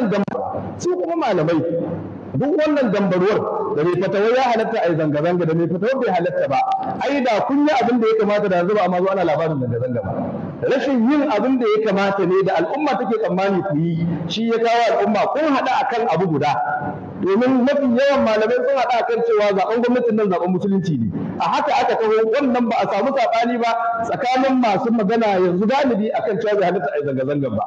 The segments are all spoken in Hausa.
wannan su kuma malamai duk wannan dambarwar da mai fatawar ya halatta a yi zanga-zanga da mai fatawar bai halatta ba ai da kun yi abin da ya kamata da zuba amma zo ana labarin zanga-zanga ba rashin yin abin da ya kamata ne da al'umma take tsammani ku yi shi ya kawo al'umma kun haɗa a kan abu guda domin mafi yawan malamai sun haɗa akan cewa zaɓen gwamnatin nan zaɓen musulunci ne a haka aka taho wannan ba a samu saɓani ba tsakanin masu magana yanzu galibi akan cewa bai halitta a zanga-zanga ba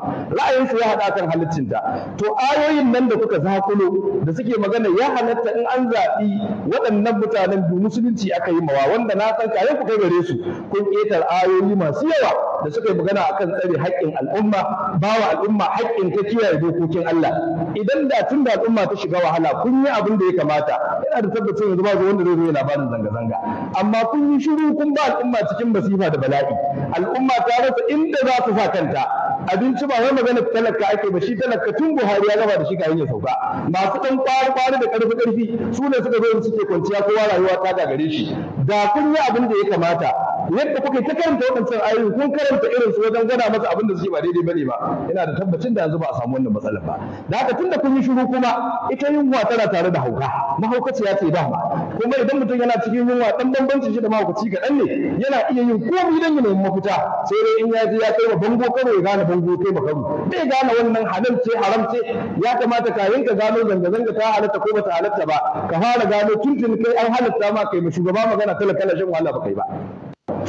su ya haɗa kan halittinta to ayoyin nan da kuka zakulo da suke magana ya halatta in an zaɓi waɗannan mutanen da musulunci aka yi mawa wanda na san kayan ku kai gare su kun ƙetar ayoyi masu yawa da suka yi magana akan tsare haƙƙin al'umma ba wa al'umma haƙƙin ta kiyaye dokokin Allah idan da tun da al'umma ta shiga wahala kun yi abin da ya kamata yana da tabbacin yanzu ba wanda zai zo ya labarin zanga-zanga amma kun yi shiru kun ba al'umma cikin masifa da bala'i al'umma ta rasa inda za su sa kanta abinci ba wai magana talaka ake ba shi talaka tun Buhari ya gaba da shi kayan ya sauka masu dan kwari kwari da karfi karfi su ne suka zo suke kwanciya kowa rayuwa ta gagare shi da kun yi abin da ya kamata yadda kuke ta karanta waɗancan ayoyi kun karanta irin su wajen gwada masa abin da suke ba daidai bane ba ina da tabbacin da yanzu ba a samu wannan matsalar ba da haka tunda kun yi shiru kuma ita yunwa tana tare da hauka ya ce da kuma idan mutum yana cikin yunwa dan bambancin shi da mahaukaci kaɗan ne yana iya yin komai dan ya nemi mafita sai dai in ya je ya kai wa bango karo ya gane bango kai ba karo bai gane wannan halal ce haram ce ya kamata kayan ka gano zanga-zanga ta halatta ko bata halatta ba ka fara gano tuntun kai an halatta ma kai ma shugaba magana kala kala shan wahala ba kai ba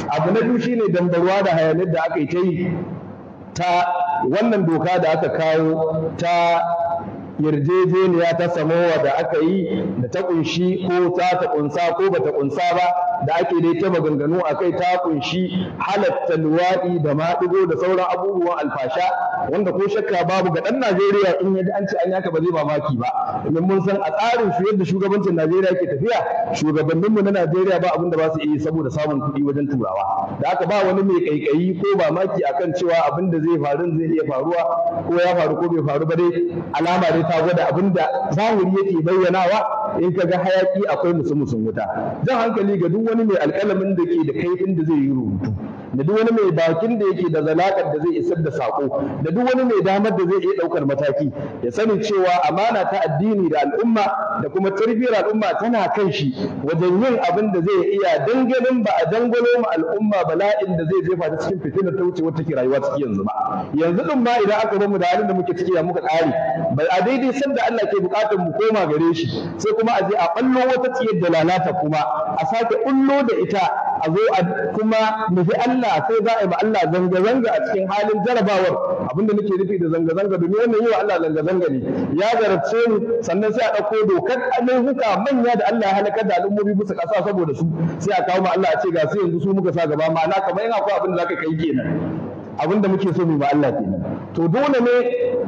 abu na biyu shine dambarwa da hayanin da aka yi ta yi ta wannan doka da aka kawo ta yarjejeniya ta samowa da aka yi da ta kunshi ko ta ta kunsa ko ba ta kunsa ba da ake dai ta maganganu a kai ta kunshi halatta luwaɗi da maɗigo da sauran abubuwan alfasha wanda ko shakka babu ga ɗan Najeriya in ya ji an ce an yaka ba zai mamaki ba domin mun san a tsarin su yadda shugabancin Najeriya ke tafiya shugabanninmu na Najeriya ba abin da ba su iya saboda samun kuɗi wajen turawa da aka ba wani mai kaikayi ko mamaki akan cewa abin da zai faru zai iya faruwa ko ya faru ko bai faru ba dai alama dai ta gwada abin da zahiri yake bayyanawa in ka ga hayaki akwai musu musun wuta jan hankali ga duk wani mai alƙalamin da ke da kaifin da zai yi rubutu da duk wani mai bakin da yake da zalakar da zai isar da sako da duk wani mai damar da zai iya daukar mataki ya sani cewa amana ta addini da al'umma da kuma tarbiyyar al'umma tana kan shi wajen yin abin da zai iya dangalin ba a dangalo mu al'umma bala'in da zai jefa ta cikin fitilar ta wuce wata ke rayuwa ciki yanzu ba yanzu din ma idan aka mu da halin da muke ciki ya muka kare bai a daidai sanda Allah ke bukatar mu koma gare shi sai kuma a je a ballo wata tsiyar da lalata kuma a sake ullo da ita a zo a kuma nufi Allah sai za a yi Allah zanga-zanga a cikin halin jarabawar abinda nake nufi da zanga-zanga domin wannan yi wa Allah zanga-zanga ne ya zarce ni sannan sai a ɗauko dokar alaihuka manya da Allah ya halakar da al'ummomi bisa ƙasa saboda su sai a kawo ma Allah a ce ga sai yanzu su muka sa gaba ma'ana kamar in akwai abin da zaka kai kenan abin da muke so mu ba Allah kenan to dole ne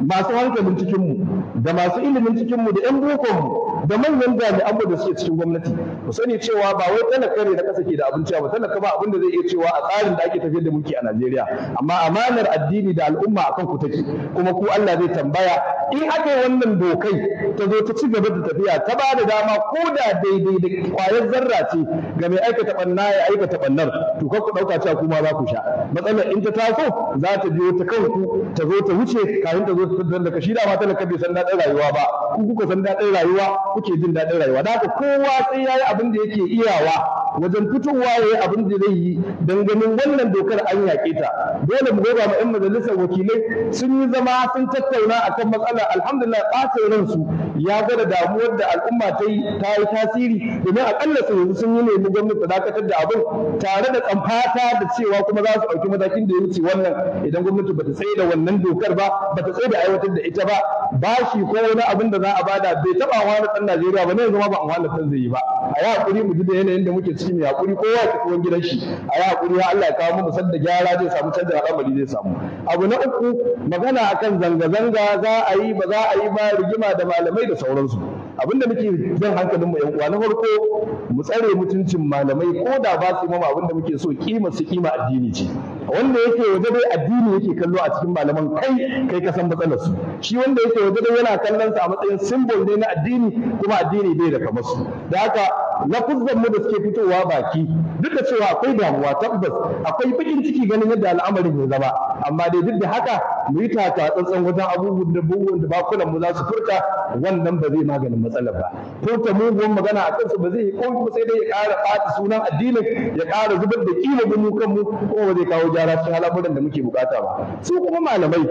masu hankalin cikin mu da masu ilimin cikin mu da 'yan bokon mu da manyan jami'an mu da suke cikin gwamnati ku sani cewa ba wai talaka ne na kasa ke da abinci ba talaka ba abin da zai iya cewa a tsarin da ake tafiyar da mulki a Najeriya amma amanar addini da al'umma akan ku take kuma ku Allah zai tambaya in aka yi wannan dokai ta zo ta ci gaba da tafiya ta ba da dama ko da daidai da kwayar zarra ce ga mai aikata banna ya aikata bannar to ka ku dauka cewa kuma za ku sha matsalar in ta taso za ta biyo ta kanku ta zo ta wuce kafin ta zo ta fitar da da ma talaka bai san daɗin rayuwa ba ku kuka san daɗin rayuwa kuke jin daɗin rayuwa da haka kowa sai ya yi abin da yake iyawa wajen fitowa ya yi abin da zai yi don wannan dokar an yaƙe ta dole mu goba ma 'yan majalisar wakilai sun yi zama sun tattauna kan matsalar alhamdulillah ɓacin ransu ya gwada damuwar da al'umma ta yi ta yi tasiri domin ƙalla su yanzu sun yi nemi gwamnati dakatar da abin tare da tsamfata da cewa kuma za su ɗauki matakin da ya wuce wannan idan gwamnati bata tsaye da wannan dokar ba bata tsaye da aiwatar da ita ba bashi ko wani abin da za a bada bai taɓa wani ɗan Najeriya ba ne zama ba a wani zai yi ba a yi hakuri mu ji da yanayin da muke ciki mai hakuri kowa ya tafi gidan shi a yi haƙuri ya Allah ya kawo mu sanda gyara zai samu canjin al'amari zai samu abu na uku magana akan zanga-zanga za a yi ba za a yi ba rigima da malamai da sauransu abinda muke jan hankalin mu yan uwa na farko mu tsare mutuncin malamai ko da ba su yi abin abinda muke so kima su kima addini ce wanda yake waje dai addini yake kallo a cikin malaman kai kai ka san matsalar su shi wanda yake waje dai yana kallon sa a matsayin symbol ne na addini kuma addini bai da kamar su da haka na kuzzan mu da suke fitowa baki duk da cewa akwai damuwa tabbas akwai bakin ciki ganin yadda al'amarin ya zama amma dai duk da haka mu yi taka tsantsan wajen abubuwan da bugun da bakunan mu za su furta wannan ba zai maganin matsalar ba furta mugun magana a kansu ba zai yi ko sai dai ya ƙara ɓata sunan addinin ya ƙara zubar da kila mu kanmu kuma ba zai kawo gyara cikin al'amuran da muke bukata ba su kuma malamai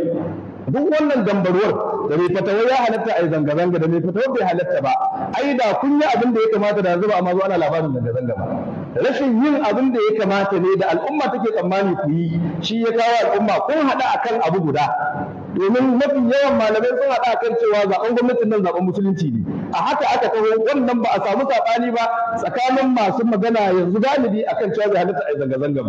duk wannan dambarwar da mai fatawa ya halatta a yi zanga-zanga da mai fatawa bai halatta ba ai da kun yi abin da ya kamata da zuba amma zuwa ana labarin zanga-zanga ba rashin yin abin da ya kamata ne da al'umma take tsammani ku yi shi ya kawo al'umma kun haɗa akan abu guda domin mafi yawan malamai sun haɗa a kan cewa zaɓen gwamnatin nan zaɓen musulunci ne a haka aka taho wannan ba a samu saɓani ba tsakanin masu magana yanzu galibi akan cewa bai halitta a zanga-zangar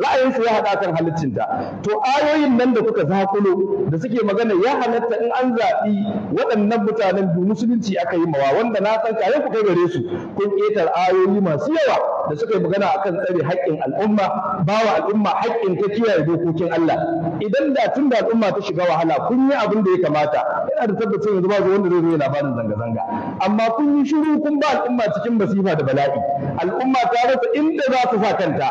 ba su ya haɗa kan halittinta to ayoyin nan da kuka zakulo da suke magana ya halatta in an zaɓi waɗannan mutanen duk musulunci aka yi mawa wanda na san kayan ku kai gare su kun ƙetar ayoyi masu yawa da suka yi magana akan tsare haƙƙin al'umma bawa al'umma haƙƙin ta kiyaye dokokin Allah idan da tun da al'umma ta shiga wahala kun yi abin da ya kamata yana da tabbacin yanzu ba wanda zai zo labarin zanga-zanga amma kun yi shiru kun ba al'umma cikin masifa da bala'i al'umma ta rasa inda za su sa kanta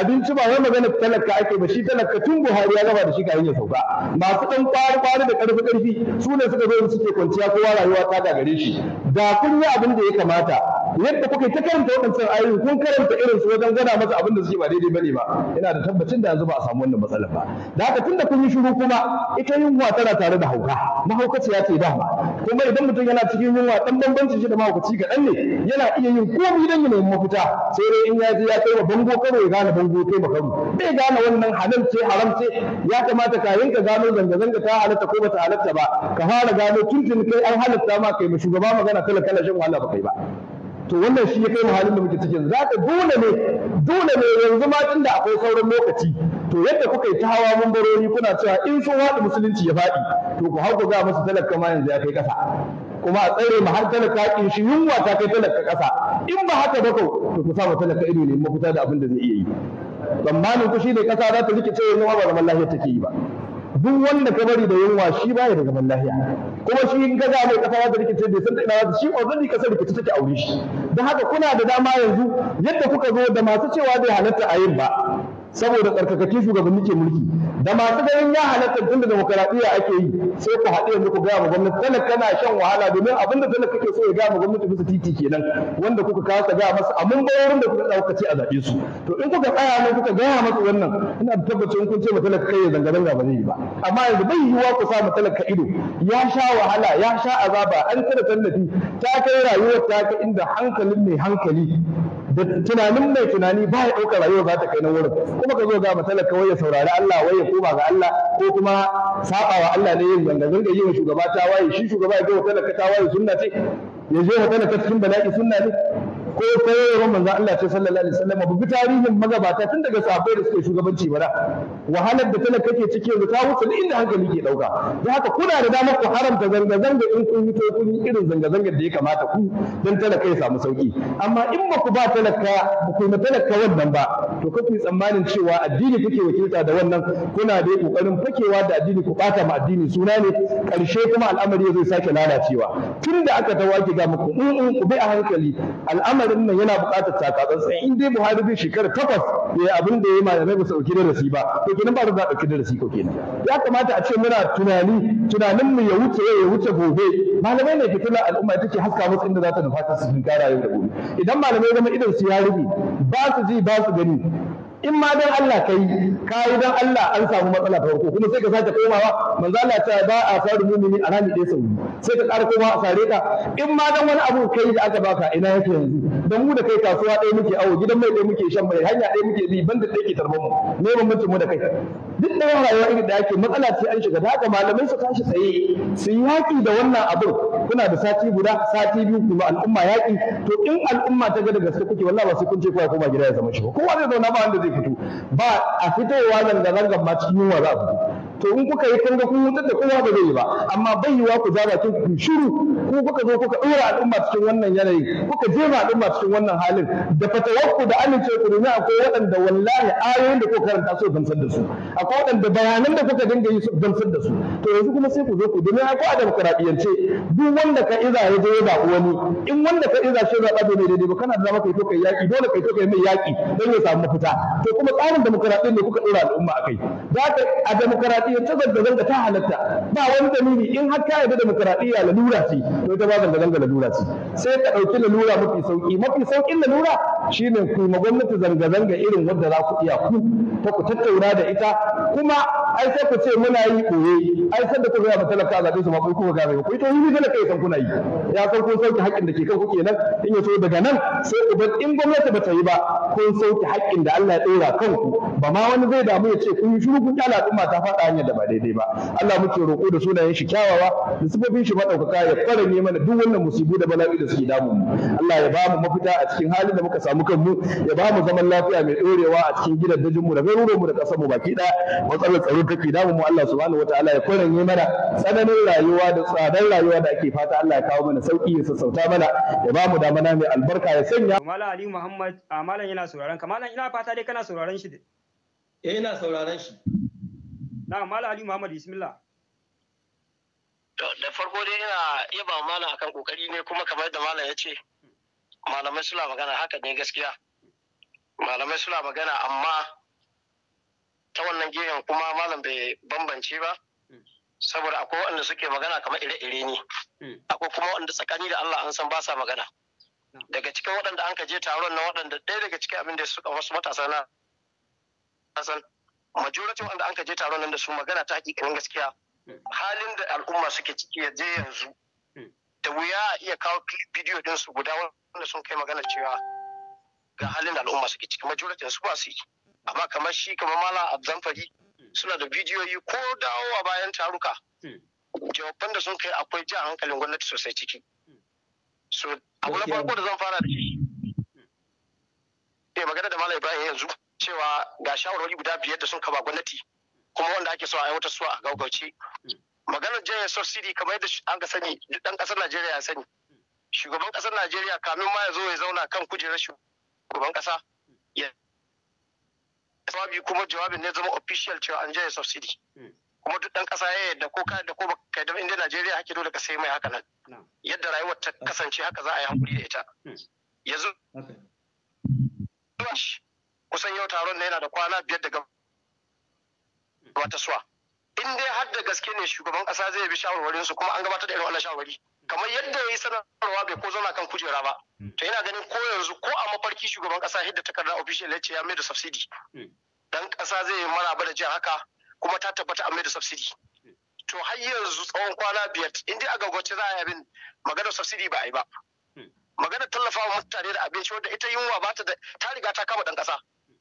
abinci ba wai magana talaka ake ba shi talaka tun Buhari ya gaba da shi kayan ya sauka masu dan kwari-kwari da karfi karfi su ne suka zo suke kwanciya kowa rayuwa ta gagare shi da kun yi abin da ya kamata yadda kuke ta karanta waɗancan ayoyi kun karanta irin su wajen gwada masa abin da zai ba daidai bane ba ina da tabbacin da yanzu ba a samu wannan matsalar ba da haka tunda kun yi shiru kuma ita yunwa tana tare da hauka mahaukaciya ce dama kuma idan mutum yana cikin yunwa dan bambanci shi da mahaukaci kaɗan ne yana iya yin komai dan ya nemi mafita sai dai in ya je ya kai wa bango karo ya gane bango kai ba karo bai gane wannan halal ce haram ce ya kamata kayan ka gano zanga-zanga ta halatta ko bata halatta ba ka fara gano tuntun kai an halatta ma kai ma shugaba magana kala kala shin wahala ba kai ba to wannan shi ya kai mu halin da muke cikin za ka dole ne dole ne yanzu ma tunda akwai sauran lokaci to yadda kuka yi ta hawa barori kuna cewa in sun waɗi musulunci ya faɗi to ku hau ga musu talaka ma yanzu ya kai ƙasa kuma a tsare mu har talaka in shi yunwa ta kai talaka ƙasa in ba haka ba kau to ku sa talaka ido ne mafita da abin da zai iya yi tsammanin ku shi ne ƙasa za ta cewa yanzu ma ba zaman lafiya take yi ba duk wanda ka bari da yunwa shi baya da zaman lafiya kuma shi in ka ga mai kafa da rikice bai san da ina shi already kasar rikice take aure shi don haka kuna da dama yanzu yadda kuka zo da masu cewa bai halatta a yin ba saboda tsarkakake shugabanni ke mulki da masu ganin ya halatta tun da demokaradiyya ake yi sai ku haɗe yanzu ku gaya ma gwamnati talaka kana shan wahala domin abin da talaka kake so ya gaya ma gwamnati bisa titi kenan wanda kuka kasa gaya masa a mun bayarin da kuka ɗauka ce a zaɓe su to in kuka tsaya nan kuka gaya masa wannan ina da tabbacin kun ce ma talaka kai ya zanga-zanga ba zai yi ba amma yanzu bai yiwuwa ku sa ma talaka ido ya sha wahala ya sha azaba an kada tallafi ta kai rayuwar ta kai inda hankalin mai hankali da tunanin mai tunani ba ya ɗaukar rayuwa za ta kai na wurin kuma ka zo ga matsalar kawai ya saurari Allah wai ya koma ga Allah ko kuma saɓawa Allah ne yin zanga zanga yi wa shugaba ta waye shi shugaba ya ga ka ta waye sunna ce ya je matalaka cikin bala'i sunna ne ko koyarwar manzan Allah ce sallallahu alaihi wasallam ba bi tarihin magabata tun daga sahabbai da suke shugabanci bara wahalar da talaka ke ciki yanzu ta wuce inda hankali ke dauka don haka kuna da damar ku haramta zanga zanga in kun yi kun yi irin zanga zangar da ya kamata ku dan talaka ya samu sauki amma in ba ku ba talaka ba ku talaka wannan ba to kafi tsammanin cewa addini kuke wakilta da wannan kuna da kokarin fakewa da addini ku bata ma addini suna ne karshe kuma al'amari zai sake lalacewa tun da aka tawaki ga muku in mm, mm, ku bi a hankali al'amari Buhari nan yana buƙatar sai in dai Buhari zai shekara takwas ya abin da ya malamai ba su ɗauki darasi ba to kenan ba za a ɗauki darasi ko kenan ya kamata a ce muna tunani tunanin mu ya wuce ya wuce gobe malamai ne fitilar al'umma ita ce haska musu inda za ta nufa su shinkara yau da gobe idan malamai zama idan su ya rubi ba su ji ba su gani in ma don Allah ka yi, kai yi don Allah an samu matsala ta farko kuma sai ka sake komawa manzo Allah ta ba a faru mumini a rami ɗaya sau sai ka ƙara komawa a sare ka in ma don wani abu kai da aka baka ina yake yanzu Dan mu da kai kasuwa ɗaya muke awo gidan mai ɗaya muke shan mai hanya ɗaya muke bi banda ɗaya ke tarbar mu ne bambancin mu da kai duk da yawan rayuwa irin da ake matsala ce an shiga da haka malamai su tashi tsaye su yi yaƙi da wannan abin kuna da sati guda sati biyu kuma al'umma yaƙi to in al'umma ta ga da gaske kuke wallahi ba sai kun ce kowa koma gida ya zama shi ba kowa zauna ba wanda zai fito ba a fitowa zanga rangan ma cikin yunwa za a fito to in kuka yi kanga kun wutar da kowa ba zai yi ba amma bai yiwa ku ja bakin shiru ku kuka zo kuka ɗora al'umma cikin wannan yanayin kuka jefa al'umma cikin wannan halin da fatawakku da amince ku domin akwai waɗanda wallahi ayoyin da kuka karanta su gamsar da su akwai waɗanda bayanan da kuka dinga yi su gamsar da su to yanzu kuma sai ku zo ku domin akwai a demokuraɗiyance duk wanda ka iza ya je ya zaɓi wani in wanda ka iza shi zaɓa ne daidai ba kana da zama kai to kai yaƙi dole kai to kai mai yaƙi don ya samu mafita to kuma tsarin demokuraɗiyyar ne kuka ɗora al'umma akai? kai da a demokuraɗiyyar ta zanga-zanga ta halatta ba wani dalili in har ka yarda demokuraɗiyya lalura ce to ita ma zanga-zanga lalura ce sai ka ɗauki lalura mafi sauƙi mafi sauƙin lalura shine ku ma gwamnati zanga-zanga irin wadda za ku iya ku ta ku tattauna da ita kuma ai sai ku ce muna yi koye ai sai da ku ga talaka a zaɓe su ma ku ga ku ita yi talaka kai san kuna yi ya san kun sauke haƙƙin da ke kan ku nan in ya so daga nan sai ku bar in gwamnati ba ta yi ba kun sauke haƙƙin da Allah ya ɗora kanku ba ma wani zai damu ya ce kun yi shiru kun ƙyala al'umma ta faɗa hanyar da ba daidai ba Allah muke roƙo da sunayen shi kyawawa da sifofin shi maɗaukaka ya fara ne mana duk wannan musibu da bala'i da suke damu Allah ya ba mu mafita a cikin halin da muka samu kanmu ya ba mu zaman lafiya mai ɗorewa a cikin gidajen mu da garuruwan mu da ƙasar mu baki ɗaya matsalar tsaro take damu mu Allah subhanahu wataala ya ne mana tsananin rayuwa da tsadar rayuwa da ake fata Allah ya kawo mana sauki ya sassauta mana ya ba mu damana mai albarka ya sanya Malam Ali Muhammad a malam yana sauraron ka malam ina fata dai kana sauraron shi eh ina sauraron shi na malam Ali Muhammad bismillah da farko dai ba yaba malam akan kokari ne kuma kamar yadda malam ya ce malamai suna magana haka ne gaskiya malamai suna magana amma ta wannan gefen kuma malam bai bambance ba saboda akwai wanda suke magana kamar ire-ire ne akwai kuma wanda tsakani da Allah an san ba sa magana daga cikin waɗanda an je taron na waɗanda ɗaya daga cikin abin da suka wasu matasa na san majority wanda an je taron nan da su magana ta hakikanin gaskiya halin da al'umma suke ciki ya je yanzu hmm. da wuya a iya kawo bidiyo din su guda wanda sun kai magana cewa ga halin da al'umma suke ciki majalatin su ba su yi amma kamar shi kamar mala abzamfari hmm. suna da bidiyoyi ko dawowa bayan taruka hmm. jawaban da sun kai akwai ja hankalin gwamnati sosai ciki so abu na farko da zan fara da shi eh, magana da malam ibrahim yanzu cewa ga shawarwari guda biyar da sun kaba gwamnati kuma wanda ake so a aiwatar su a gaugauce maganar jaya subsidy kamar yadda an ka sani duk dan kasar Najeriya ya sani shugaban kasar Najeriya kamin ma ya zo ya zauna kan kujerar shugaban kasa ya jawabi kuma jawabin ne zama official cewa an jaya subsidy kuma duk dan kasa ya yadda ko ka da ko ka da inda Najeriya hake dole ka sai mai haka nan yadda rayuwar ta kasance haka za a yi hankuri da ita hmm. yanzu kusan yau taron na yana da kwana biyar daga wata suwa in dai har da gaske ne shugaban kasa zai bi shawarwarin su kuma an gabatar da irin wannan shawarwari kamar yadda ya yi sanarwa bai ko zauna kan kujera ba hmm. to yana ganin ko yanzu ko a mafarki shugaban kasa hidda takardar official ya ce ya mai da subsidy hmm. dan kasa zai ba da jin haka kuma ta tabbata a mai da subsidy hmm. to har yanzu tsawon kwana biyar in dai a gaggwace za a yi abin maganar subsidy ba a yi ba maganar tallafawa mutane da abinci wanda ita yunwa ba ta da ta riga ta kama dan kasa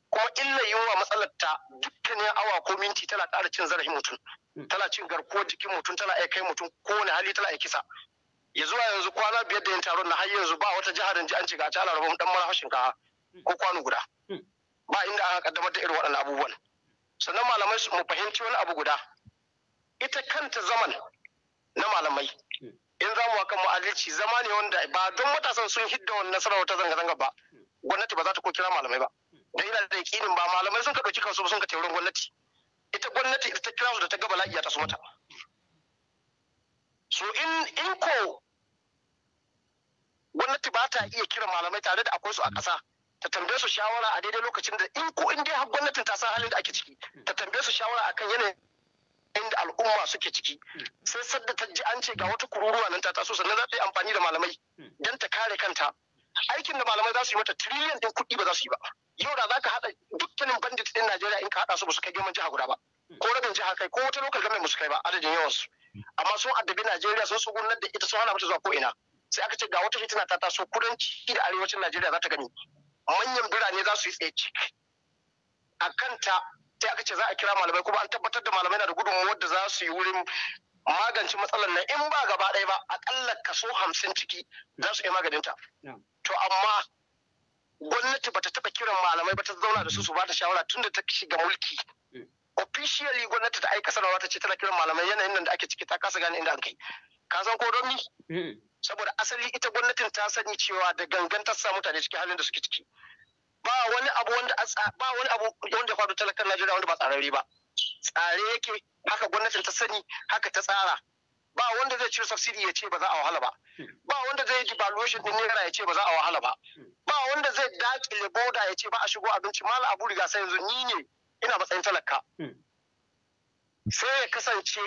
kuma illa yunwa matsalar ta dukkanin awa ko minti tana ƙara cin zarafin mutum tana cin garkuwar jikin mutum tana iya kai mutum kowane hali tana iya kisa ya zuwa yanzu kwana biyar da yin taron na har yanzu ba wata jihar ji an ci gaci ana rabon dan mara kawa ko kwano guda ba inda aka kaddamar da irin waɗannan abubuwan sannan malamai mu fahimci wani abu guda ita kanta zaman na malamai in za mu kan ma'adalci zama ne wanda ba don matasan sun hidda wani nasarar wata zanga-zanga ba gwamnati ba za ta ko kira malamai ba da yana da yakinin ba malamai sun ka ɗauki kansu ba sun ka taurin gwamnati ita gwamnati ita kira su da ta ga bala'i ta su mata so in in ko gwamnati ba ta iya kiran malamai tare da akwai su a ƙasa ta tambaye su shawara a daidai lokacin da in ko in dai har gwamnatin ta san halin da ake ciki ta tambaye su shawara akan yanayin da al'umma suke ciki sai sadda ta ji an ce ga wata kururuwa nan ta taso sannan za ta yi amfani da malamai hmm. don ta kare kanta aikin da malamai za su yi mata triliyan ɗin kuɗi ba za su yi ba yau da za ka haɗa dukkanin bandit ɗin Najeriya in ka haɗa su ba su kai girman jiha guda ba ko rabin jiha kai ko wata lokal gamin ba su kai ba adadin yawansu amma sun addabi Najeriya sun tsugunar da ita sun hana mata zuwa ko ina sai aka ce ga wata fitina ta taso kudanci da arewacin Najeriya za ta gani manyan birane za su yi tsaye cik a kanta sai aka ce za a kira malamai kuma an tabbatar da malamai na da gudunmuwar da za su yi wurin magance matsalar nan in ba gaba ɗaya ba akalla kaso hamsin ciki za su iya maganinta to amma gwamnati bata taba kiran malamai ba ta zauna da su su bata shawara tun da ta shiga mulki eh. officially gwamnati ta aika sanarwa ta ce tana kiran malamai yanayin nan da ake ciki ta kasa gane inda an kai ka san ko don ni eh. saboda asali ita gwamnatin ta sani cewa da gangan ta sa mutane cikin halin da suke ciki ba wani abu wanda ba wani abu wanda ya faru talakan Najeriya wanda ba tsararre ba tsare yake haka gwamnatin ta sani haka ta tsara ba wanda zai cire subsidy ya ce ba za a wahala ba hmm. ba wanda zai valuation din naira ya ce ba za a wahala ba hmm. ba wanda zai dakile boda ya ce ba a shigo abinci mala abu riga sai yanzu ni ne ina matsayin talaka hmm. sai ya kasance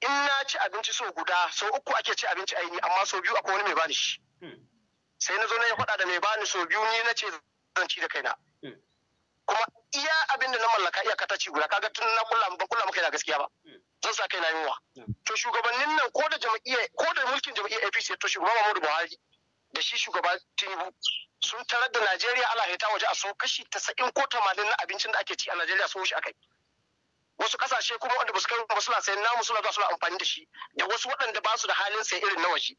in na ci abinci so guda so uku ake ci abinci aini amma so biyu akwai wani mai bani shi sai na zo na ya faɗa da mai bani so biyu ni na ce zan ci da kaina kuma iya abinda da na mallaka iya kataci guda kaga tun na kula ban kula maka da gaskiya ba zan sa kai na yunwa to shugabannin nan ko da jam'iyyar ko da mulkin jam'iyyar APC to shugaban Muhammadu Buhari da shi shugaba Tinubu sun tarar da Najeriya Allah ya ta waje a so kashi 90 ko 80 na abincin da ake ci a Najeriya so shi akai wasu kasashe kuma wanda ba su kai ba suna sayan namu suna zuwa suna amfani da shi da wasu waɗanda ba su da halin sai irin na waje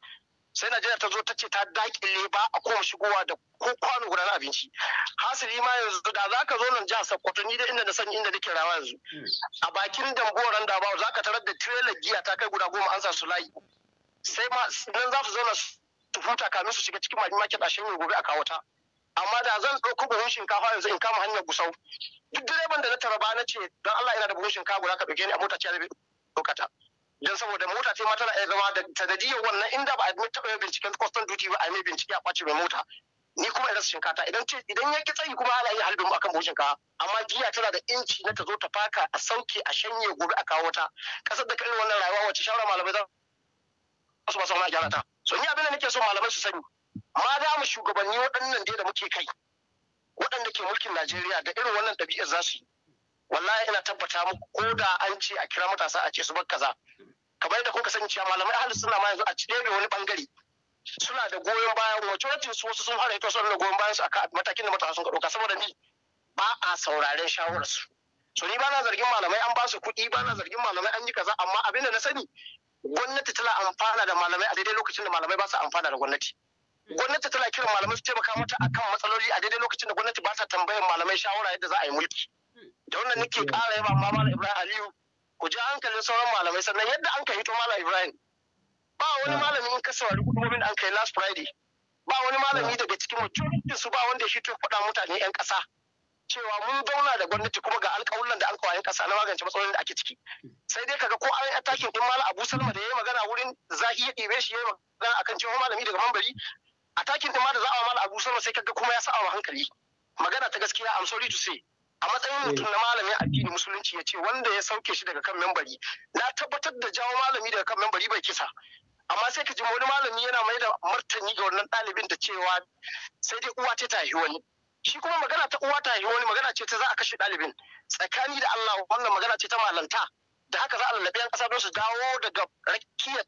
sai najeriya ta zo ta ce ta dakile ba a koma shigowa da ko kwano guda na abinci hasili ma yanzu da za ka zo nan jihar sokoto ni da inda na san inda nake rawa yanzu a bakin dambuwaran da ba za ka tarar da trailer giya ta kai guda goma an sa su layi sai ma nan za su zo su huta kamin su shiga cikin mali market a shirin gobe a kawo amma da zan ɗauko buhun shinkafa yanzu in kama hanyar gusau duk direban da na taraba na ce don Allah ina da buhun shinkafa guda ka ɗauke ni a mota ce a ɗaukata. don saboda mota ce ma tana iya zama da sanadiyar wannan inda ba a taɓa binciken custom duty ba a yi mai bincike a kwace mai mota ni kuma irin shinkata idan ce idan ya ki tsayi kuma ana iya halbin akan bushin ka amma giya tana da inci na ta zo ta faka a sauke a shanye gobe a kawo ta kasar da kai wannan rayuwa wacce shawara malamai za su ba su wani gyara ta so ni abin da nake so malamai su sani ma da mu shugabanni waɗannan da muke kai waɗanda ke mulkin Najeriya da irin wannan ɗabi'ar za su yi wallahi ina tabbata muku ko da an ce a kira matasa a ce su bar kaza kamar da kuka sani cewa malamai ahli sunna ma yanzu a cire wani bangare suna da goyon bayan majority su wasu sun fara ita suna da goyon bayan su akan matakin da matasa sun ka dauka saboda ni ba a sauraren shawarar su so ni ba na zargin malamai an ba su kuɗi ba na zargin malamai an yi kaza amma abin da na sani gwamnati tana amfana da malamai a daidai lokacin da malamai ba su amfana da gwamnati gwamnati tana kiran malamai su taimaka mata akan matsaloli a daidai lokacin da gwamnati ba ta tambayar malamai shawara yadda za a yi mulki da wannan nake ƙara yaba ma malam ibrahim aliyu ku ji hankalin sauran malamai sannan yadda an ka hito malam ibrahim ba wani ah. malami in ka saurari kudumomin da an kai last friday ba wani malami ah. daga cikin mutum su ba wanda shi to faɗa mutane yan ƙasa cewa mun zauna da gwamnati kuma ga alƙawullan da an kawo ƙasa na magance matsalolin da ake ciki sai dai kaga ko an attacking din malam Abu Salma da yayi magana wurin zaki ya ɗibe shi yayi magana akan cewa malami daga mambari attacking din ma da za a malam Abu Salma sai kaga kuma ya sa a hankali magana ta gaskiya I'm sorry to say a matsayin eh. mutum na malami addini musulunci ya ce wanda ya sauke shi daga kan membari na tabbatar da jawo malami daga kan membari bai kisa amma sai ka ji wani malami yana mai da martani ga wannan ɗalibin da cewa sai dai uwa ce ta haihu wani shi kuma magana ta uwa ta haihu wani magana ce ta za a kashe ɗalibin tsakani da Allah wannan magana ce ta malanta da haka za a lallaɓe yan ƙasa don su dawo daga rakiyar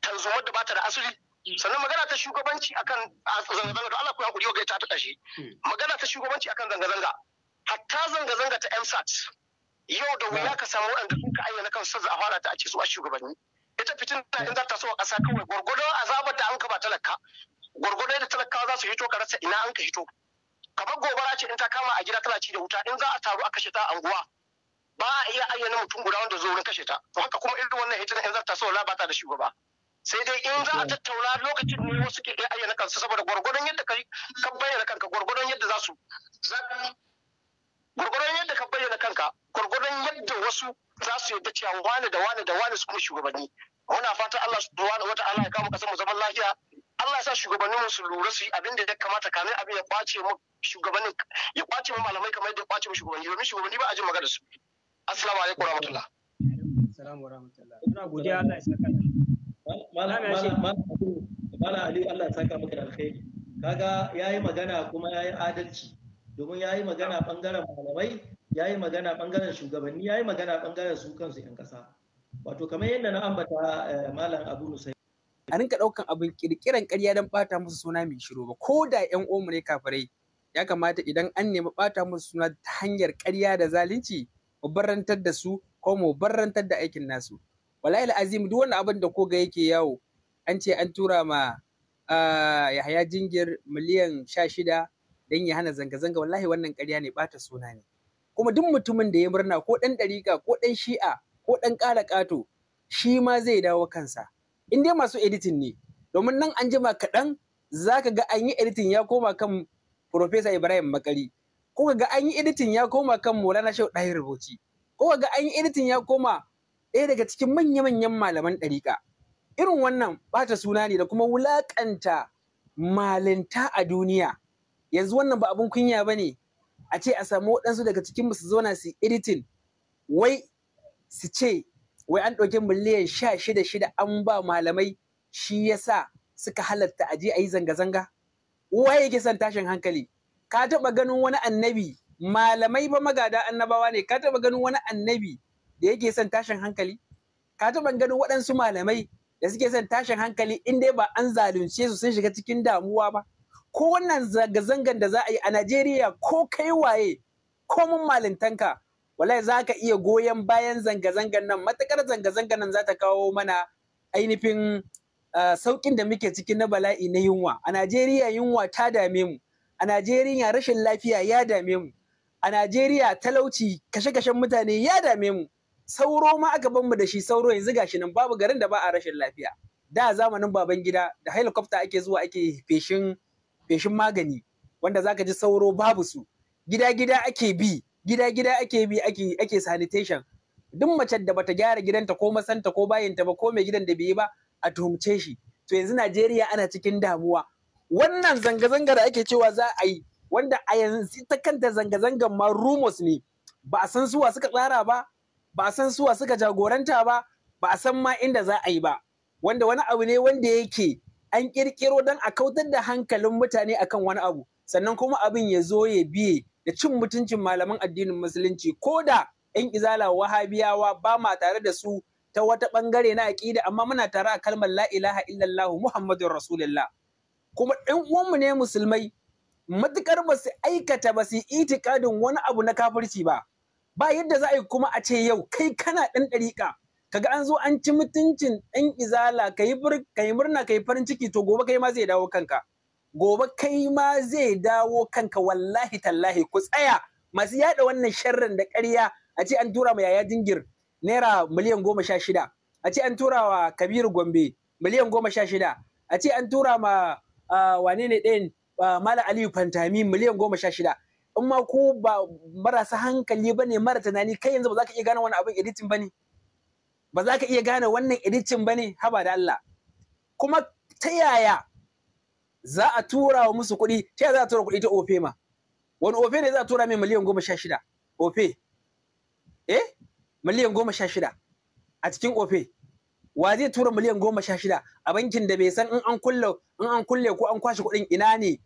tanzumar da bata da asali sannan magana ta shugabanci akan zanga-zanga da Allah ku hakuri wa gaita ta ƙashe hmm. magana ta shugabanci akan zanga-zanga hatta zanga-zanga ta msat yau da wuya ka samu waɗanda sun ka ayyana su a fara ta a ce su a shugabanni ita fitina in za ta so a ƙasa kawai gwargwado azabar da an ka ba talaka gwargwado da talakawa za su hito ka rasa ina an ka hito kamar gobara ce in ta kama a gida tana ci da wuta in za a taru a kashe ta a anguwa ba a iya ayyana mutum guda wanda zo wurin kashe ta to haka kuma irin wannan hitin in za ta so ba ta da shugaba sai dai in za a tattauna lokacin ne wasu ke iya ayyana kansu saboda gwargwadon yadda ka bayyana kanka gwargwadon yadda za su gurgurar yadda ka bayyana kanka gurgurar yadda wasu za su yadda cewa wane da wane da wane su kuma shugabanni muna fatan Allah wata Allah ya kama kasar mu zaman lafiya Allah ya sa shugabannin mu su lura su yi abin da ya kamata kamin abin ya kwace mu shugabannin ya kwace mu malamai kamar yadda ya kwace mu shugabanni domin shugabanni ba a ji magana su assalamu alaikum warahmatullah assalamu warahmatullah ina godiya Allah ya saka Malam Ali Allah ya saka maka alkhairi kaga yayi magana kuma yayi adalci domin ya yi magana ɓangaren malamai ya yi magana ɓangaren shugabanni ya yi magana ɓangaren su kansu 'yan ƙasa wato kamar yadda na ambata eh, malam abu nusai a rinka ɗaukan abin ƙirƙiran karya don bata musu suna mai shiru ba ko da 'yan omu ne kafirai ya kamata idan an nemi bata musu suna ta hanyar karya da zalunci mu barantar da su ko mu barantar da aikin nasu wallahi azim duk wani abin da koga yake yawo an ce an tura ma ah, yahaya jingir miliyan sha shida don ya hana zanga-zanga wallahi wannan ƙarya ne ɓata suna ne kuma duk mutumin da ya murna ko ɗan ɗariƙa ko dan shi'a ko dan ƙara ƙato shi ma zai dawo kansa in dai masu editin ne domin nan an jima kaɗan za ka ga an yi editin ya koma kan Profesa Ibrahim Makari ko ga an yi editin ya koma kan Maulana Shehu Ɗahir rubuci, ko ga an yi editin ya koma ɗaya daga cikin manya-manyan malaman ɗariƙa irin wannan ɓata suna ne da kuma wulaƙanta malinta a duniya yanzu wannan ba abun kunya ba ne a ce a samu waɗansu daga cikin su zauna su editing wai su ce wai an ɗauki miliyan sha shida shida an ba malamai shi ya sa suka halatta a je a yi zanga-zanga waye yake son tashin hankali ka taɓa ganin wani annabi malamai ba magada annabawa ne ka taɓa ganin wani annabi da yake son tashin hankali ka taɓa ganin waɗansu malamai da suke son tashin hankali in dai ba an zalunce su sun shiga cikin damuwa ba ko wannan zanga-zangan da za a yi a Najeriya ko kai waye ko mun malintanka wallahi za ka iya goyon bayan zanga-zangan nan matakar zanga-zangan nan za ta kawo mana ainihin ah, sauƙin da muke ciki na bala'i na yunwa a Najeriya yunwa ta dame mu a Najeriya rashin lafiya ya dame mu a Najeriya talauci kashe-kashen mutane ya dame mu sauro ma aka mu da shi sauro yanzu gashi nan babu garin da ba a rashin lafiya da zamanin baban gida da helicopter ake zuwa ake feshin feshin magani wanda zaka ji sauro babu su gida gida ake bi gida gida ake bi ake ake sanitation duk macen da bata gyara gidanta ko masanta ko bayinta ba ko mai gidan da bai ba a tuhumce shi to yanzu Najeriya ana cikin damuwa wannan zanga-zanga da ake cewa za a yi wanda a yanzu ta kanta zanga-zangan ma rumors ne ba a san suwa suka tsara ba ba a san suwa suka jagoranta ba ba a san ma inda za a yi ba wanda wani abu ne wanda yake an kirkiro don a kautar da hankalin mutane akan wani abu sannan kuma abin ya zo ya biye da cin mutuncin malaman addinin musulunci ko da 'yan izala wahabiyawa ba ma tare da su ta wata bangare na aƙida amma muna tare a kalmar la ilaha illallah muhammadur rasulullah kuma ɗan uwanmu ne musulmai matukar ba su aikata ba su itikadin wani abu na kafirci ba ba yadda za a yi kuma a ce yau kai kana ɗan ɗariƙa kaga an zo an ci mutuncin ɗan izala ka yi murna ka yi farin ciki to gobe kai ma zai dawo kanka gobe kai ma zai dawo kanka wallahi tallahi ku tsaya masu yada wannan sharrin da ƙarya a ce an tura ma yaya dingir naira miliyan goma sha shida a ce an tura wa kabiru gombe miliyan goma sha shida a ce an tura ma wane ne ɗayan mala aliyu fantami miliyan goma sha shida in ma ku ba marasa hankali ba ne mara tunani kai yanzu ba za ka iya gane wani abin editin ba ne. ba za ka iya gane wannan idicin ba ne haba da Allah kuma ta yaya za a tura wa musu kuɗi ta yaya za a tura kuɗi ta ofe ma wani ofe ne za a tura mai miliyan goma sha shida ofe eh miliyan goma sha shida a cikin ofe wa zai tura miliyan goma sha shida a bankin da bai san in an kulle in an kulle ko an kwashe kuɗin ina ne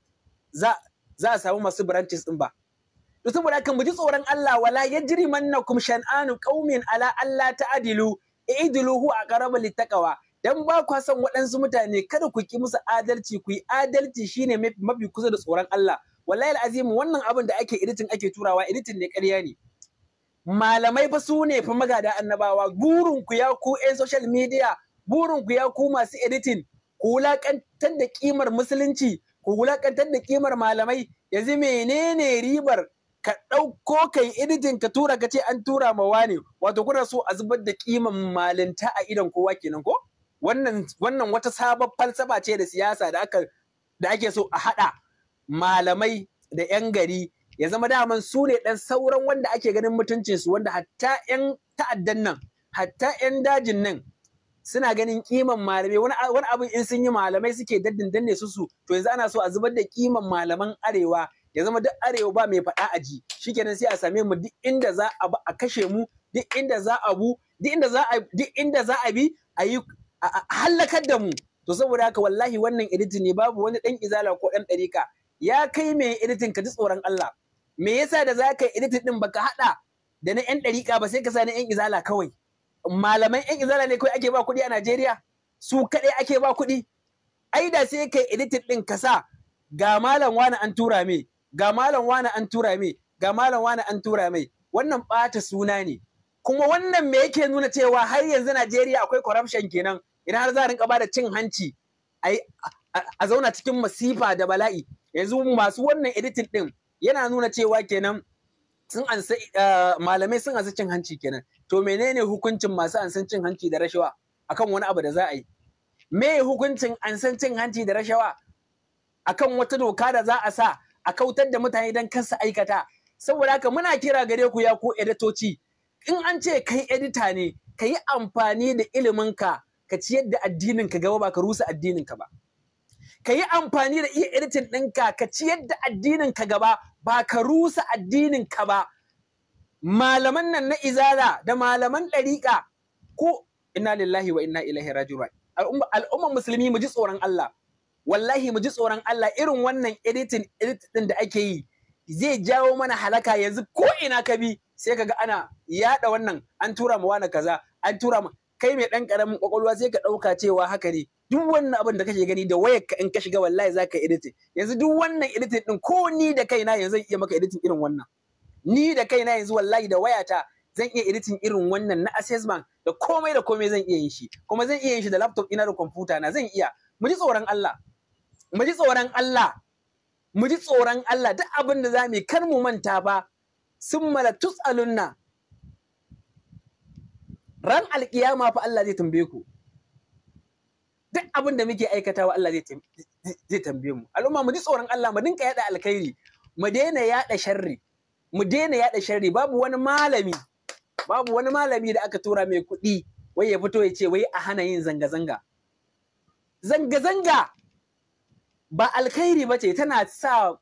za za a samu masu branches din ba to saboda haka mu ji tsoron Allah wala yajri mannakum shan'anu qaumin ala Allah adilu idiluhu a karamar littakawa dan ba kwa son waɗansu mutane kada ku ki musu adalci ku yi adalci shine mafi kusa da tsoron Allah wallahi alazim wannan abin da ake editin ake turawa editin ne karya ne malamai fa su ne fa magada annabawa burin ku ya ku ƴan social media burin ku ya ku masu editin ku wulaƙantar da kimar musulunci ku wulaƙantar da kimar malamai yanzu menene ribar ka ɗauko kai editin ka tura ka ce an tura ma wane wato kuna so a zubar da kiman malinta a idon kowa kenan ko wannan wannan wata sabon falsafa ce da siyasa da aka da ake so a haɗa malamai da 'yan gari ya zama daman su ne ɗan sauran wanda ake ganin mutuncinsu wanda hatta 'yan ta'addan nan hatta 'yan dajin nan suna ganin kiman malamai wani abin in sun yi malamai suke daddin danne su su to yanzu ana so a zubar da kiman malaman arewa ya zama duk arewa ba mai faɗa a ji shikenan sai a same mu duk inda za a a kashe mu duk inda za a bu duk inda za a duk inda za a bi a yi halakar da mu to saboda haka wallahi wannan editin ne babu wani dan izala ko dan ɗarika ya kai mai editin ka ji tsoron Allah me yasa da za ka yi editin din baka haɗa da na 'yan ɗariƙa ba sai ka sa na 'yan izala kawai malaman 'yan izala ne kawai ake ba kuɗi a Najeriya su kaɗai ake ba kuɗi ai da sai kai editin ɗin ka sa ga malam wani an tura me ga malam wani an tura mai ga malam wani an tura mai wannan ɓata suna ne kuma wannan me yake nuna cewa har yanzu Najeriya akwai corruption kenan idan har za a rinka da cin hanci a zauna cikin masifa da bala'i yanzu masu wannan editing din yana nuna cewa kenan sun ansa eh, malamai sun ansa cin hanci kenan to menene hukuncin masu ansan cin hanci da rashawa akan wani abu da za a yi me hukuncin ansan cin hanci da rashawa akan wata doka da za a sa a kautar da mutane don kansa aikata saboda haka muna kira gare ku ya ko editoci in an ce kai edita ne ka yi amfani da iliminka ka ciyar da addinin ka gaba ba ka rusa addinin ka ba ka yi amfani da iya editin ɗinka ka ciyar da addinin ka gaba ba ka rusa addinin ka ba malaman nan na izala da malaman ɗariƙa ko inna lillahi wa inna ilaihi raji'un al'umma musulmi mu ji tsoron Allah wallahi mu ji tsoron Allah irin wannan editing editing din da ake yi zai jawo mana halaka yanzu ko ina ka bi sai ga ana yada wannan an tura mu wani kaza an tura mu kai mai dan karamin kwakwalwa sai ka dauka cewa haka ne duk wannan abin da kake gani da wayar ka in ka shiga wallahi zaka editing yanzu duk wannan editing din ko ni da kaina yanzu zan iya maka editing irin wannan ni da kaina yanzu wallahi da wayata zan iya editing irin wannan na assessment da komai da komai zan iya yin shi kuma zan iya yin shi da laptop ina da kwamfuta na zan iya mu ji tsoron Allah mu ji tsoron Allah mu ji tsoron Allah duk abin da za mu kar mu manta ba sun mala tus'alunna ran alƙiyama fa Allah zai tambaye ku duk abin da muke aikatawa Allah zai tambaye mu al'umma mu ji tsoron Allah mu dinka yada alkhairi mu daina yada sharri mu daina yada sharri babu wani malami babu wani malami da aka tura mai kuɗi wai ya fito ya ce wai a hana yin zanga-zanga zanga-zanga ba alkhairi ba ce tana sa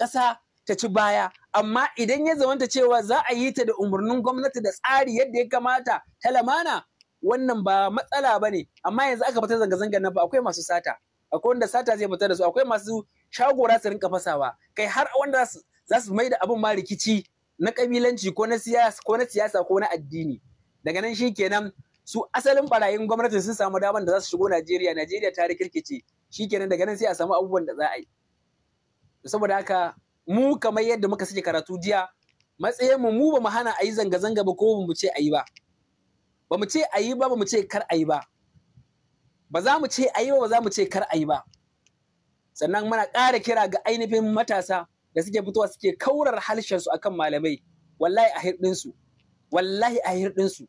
ƙasa ta ci baya amma idan ya zamanta cewa za a yi ta da umarnin gwamnati da tsari yadda ya kamata ta lamana wannan ba matsala ba ne amma yanzu aka fita zanga-zangar nan ba akwai masu sata akwai wanda sata zai fita da su akwai masu shagora su rinka fasawa kai har wanda za su mai da abin ma rikici na kabilanci ko na siyasa ko na addini daga nan shi kenan su asalin barayin gwamnati sun samu damar da za su shigo Najeriya Najeriya ta rikirkice shikenan daga nan sai a samu abubuwan da za a yi saboda haka mu kamar yadda muka sake karatu jiya matsayin mu mu bamu hana ayi yi zanga-zanga ba ko bamu ce a yi ba bamu ce a yi ba bamu ce kar ayi ba ba za mu ce a ba ba za mu ce kar a ba sannan muna ƙara kira ga ainihin matasa da suke fitowa suke kaurar su akan malamai wallahi a hirɗinsu wallahi a hirɗinsu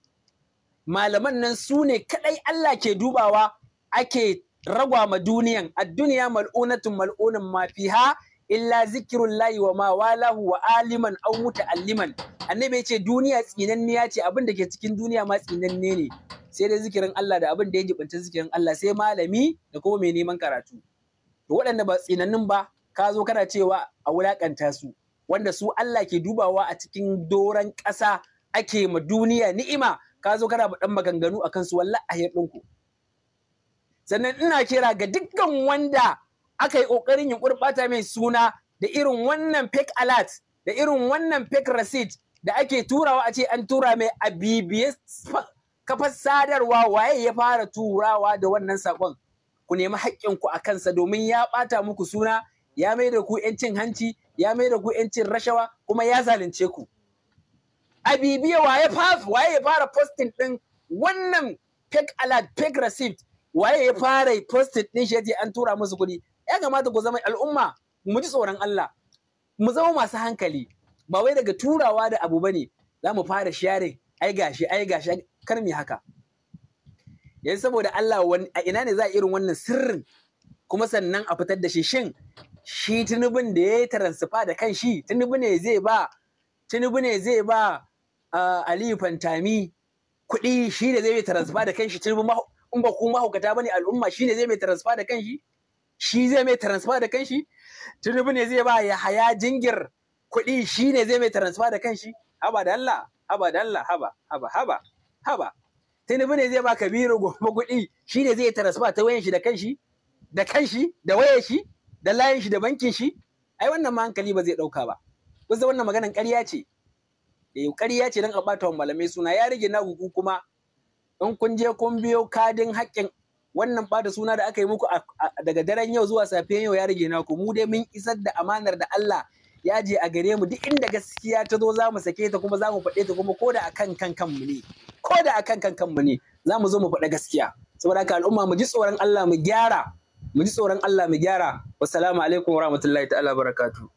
malaman nan su ne kaɗai Allah ke dubawa ake ragwa ma duniyan adduniya mal'unatun mal'unan ma fiha illa layi wa ma walahu wa aliman wuta alliman. annabi ce duniya tsinanniya ce abin da ke cikin duniya ma tsinanne ne sai dai zikirin Allah da abin da ya jibanta zikirin Allah sai malami da kuma mai neman karatu to waɗanda ba tsinannin ba ka zo kana cewa a wulakanta su wanda su Allah ke dubawa a cikin doron ƙasa ake ma duniya ni'ima ka zo kana ba dan maganganu akan su wallahi a ɗinku. sannan ina kira ga dukkan wanda aka yi ƙoƙarin yin gurɓata mai suna da irin wannan fake alert da irin wannan fake receipt da ake turawa a ce an tura mai a bibiye kafar sadarwa waye ya fara turawa da wannan sakon ku nemi haƙƙinku a kansa domin ya ɓata muku suna ya mai da ku 'yancin hanci ya mai da ku 'yancin rashawa kuma ya zalunce ku a bibiye waye ya fara posting ɗin wannan fake alert fake receipt waye ya fara posted din shi an tura musu kuɗi ya kamata ku zama al'umma mu ji tsoron Allah mu zama masu hankali ba wai daga turawa da abu bane za mu fara sharing ai gashi ai gashi kar mu haka yanzu saboda Allah a ina ne za a irin wannan sirrin kuma sannan a fitar da shi shin shi tunubin da ya taransifa da kan shi tunubin ne zai ba tunubin ne zai ba ah, Aliyu Fantami kuɗi shi da zai taransifa da kan shi tunubin in ba ku mahaukata bane al'umma shine zai mai transfer da kanshi shi zai mai transfer da kanshi tunubu ne zai ba ya haya jingir kuɗi shi ne zai mai transfer da kanshi haba da Allah haba da Allah haba haba haba haba tunubu ne zai ba kabiru gobe kuɗi shi ne zai transfer ta wayan shi da kanshi da kanshi da wayar shi da layin shi da bankin shi ai wannan ma hankali ba zai ɗauka ba kusa wannan maganan ƙarya ce eh ƙarya ce don a ɓata wa malamai suna ya rage na kuma in kun je kun biyo kadin haƙƙin wannan bada suna da aka yi muku daga daren yau zuwa safiyan yau ya rage naku mu dai mun isar da amanar da Allah ya je a gare mu duk inda gaskiya ta zo za mu sake ta kuma za mu faɗe ta kuma ko da akan kan kanmu ne ko da akan kan kanmu ne za mu zo mu faɗa gaskiya saboda haka al'umma mu ji tsoron Allah mu gyara mu ji tsoron Allah mu gyara wassalamu alaikum warahmatullahi ta'ala barakatuh